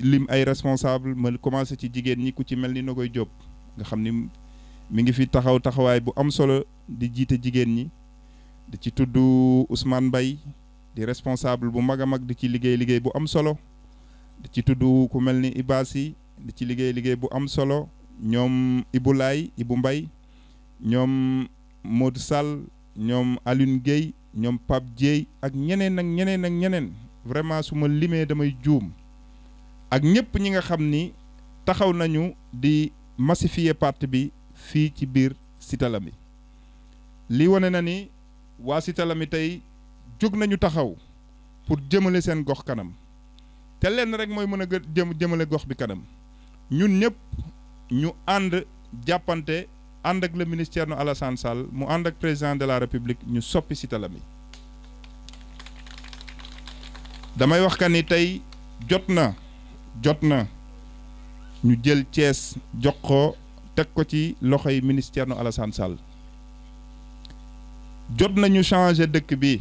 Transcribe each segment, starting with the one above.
lim ay responsable ma commencé ci jigéen ñi ku ci mel ni Nogoy Diop nga xam ni mi ngi fi taxaw taxawaay bu am solo di jiite jigéen ñi di ci tudd Ousmane mbay di responsable bu mag a mag di ci liggéey liggéey bu am solo di ci tudd ku mel ni Ibasi di ci liggéey liggéey bu am solo ñoom Ibou Laye mbay ñoom Modou Sall ñoom Alioune Guèye ñoom Pape Dieye ak ñeneen ak ñeneen ak ñeneen vraiment su ma limee damay juum ak ñëpp ñi nga xam ni taxaw nañu di massifier parti bi fii ci biir Cité Lamy lii wane na ni waa Cité Lamy tey jóg nañu taxaw pour jëmale seen gox kanam te lenn rek mooy mën a jëm jëmale gox bi kanam ñun ñëpp ñu ànd jàppante ànd ak le ministère nu Alassane Sall mu ànd ak président de la République ñu soppi Cité damay wax ka ni tey jot na jot na ñu jël cees jox ko teg ko ci loxoy ministère nu Alassane Sall jot nañu changer dëkk bi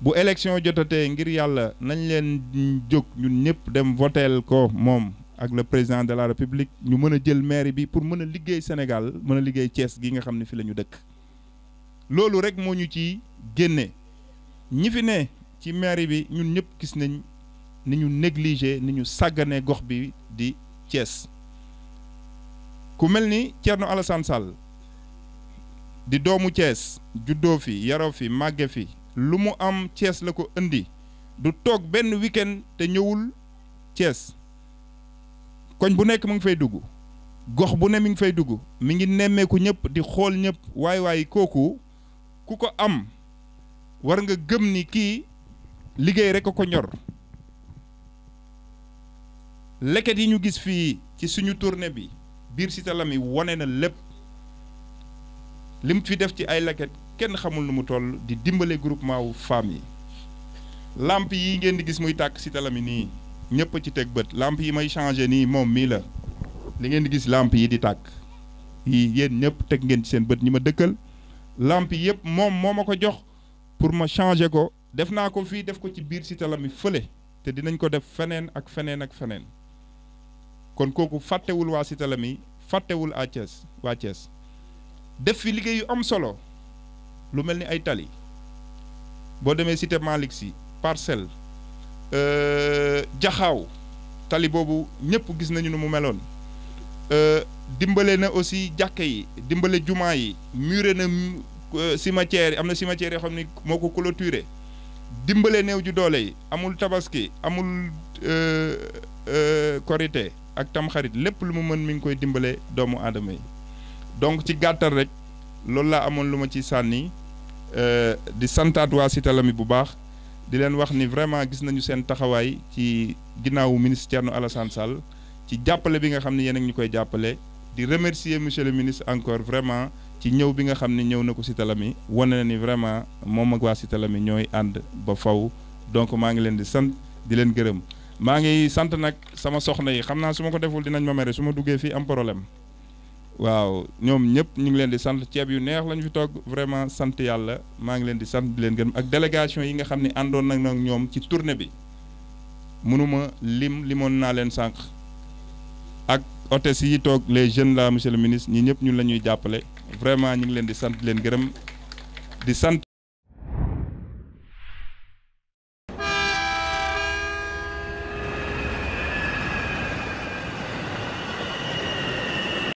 bu élection jotatee ngir yàlla nañ leen jóg ñun ñëpp dem voteel ko moom ak le président de la république ñu mën a jël mairie bi pour mën a liggéey Sénégal mën a liggéey Thiès gi nga xam ne fi lañu ñu dëkk loolu rek moo ñu ci génne ñi fi ne ci mairie bi ñun ñëpp gis nañ ni ñu négligé ni ñu sàggane gox bi di cees ku mel ni Thierno Alassane Sall di doomu Thiès juddoo fi yaroo fi màgge fi lu mu am Thiès la ko indi du toog benn week te ñëwul cees koñ bu nekk mu ngi fay dugg gox bu ne mi ngi fay dugg mi ngi nemmeeku ñëpp di xool ñëpp waay waay kooku ku ko am war nga gëm ni kii liggéey rek a ko ñor leket yi ñu gis fii ci suñu tournée bi biir Cité Lamy wane na lépp lim fi def ci ay leket kenn xamul nu mu toll di dimbale groupement wu femmes yi làmp yi ngeen di gis muy tàkk Cité Lamy nii ñëpp ci teg bët lamp yi may changé nii moom mii la li ngeen di gis làmp yi di tàkk yi yéen ñëpp teg ngeen ci seen bët ñi ma dëkkal làmp yëpp moom moo ma ko jox pour ma changé ko def naa ko fii def ko ci biir Cité Lamy fële te dinañ ko def feneen ak feneen ak feneen kon kooku fàttewul waa sitale mi fàttewul à Thiès waa Thiès def fi liggéey yu am solo lu mel ni ay tali boo demee Cité Malick Sy Parcelles Jaxaaw euh, tali boobu ñëpp gis nañu ni mu meloon euh, dimbale na aussi jàkka yi dimbale jumaa yi muré na euh, cimetière yi am na cimetière yoo xam ni moo ko clôturé dimbale néew ju doole yi amul tabaski amul korité ak tamxarit lépp lu ma mën mi ngi koy dimbale doomu aadama yi donc ci gàttal rek loolu laa amoon lu ma ci sànni euh, di santaat waa Cité bu baax di leen wax ni vraiment gis nañu seen taxawaay ci ginnaawu ministre Thierno Alassane Sall ci jàppale bi nga xam ne yéen a ñu koy jàppale di remercier monsieur le ministre encore vraiment ci ñëw bi nga xam ne ñëw na ko sitalami Lamy na ni vraiment moom ak waa sitalami ñooy ànd ba faw donc maa ngi leen di sant di leen gërëm maa ngi sant nag sama soxna yi xam naa su ma ko deful dinañ ma mere su ma duggee fii am problème waaw ñoom ñëpp ñu ngi leen di sant ceeb yu neex lañu fi toog vraiment sant yàlla maa ngi leen di sant di leen gën ak délégation yi nga xam ne àndoon nag ñoom ci tournée bi mënuma lim limoon naa leen sànq ak hôtesse yi toog les jeunes la monsieur le ministre ñi ñëpp ñun la ñuy jàppale vraiment ñu ngi leen di sant leen gërëm di sant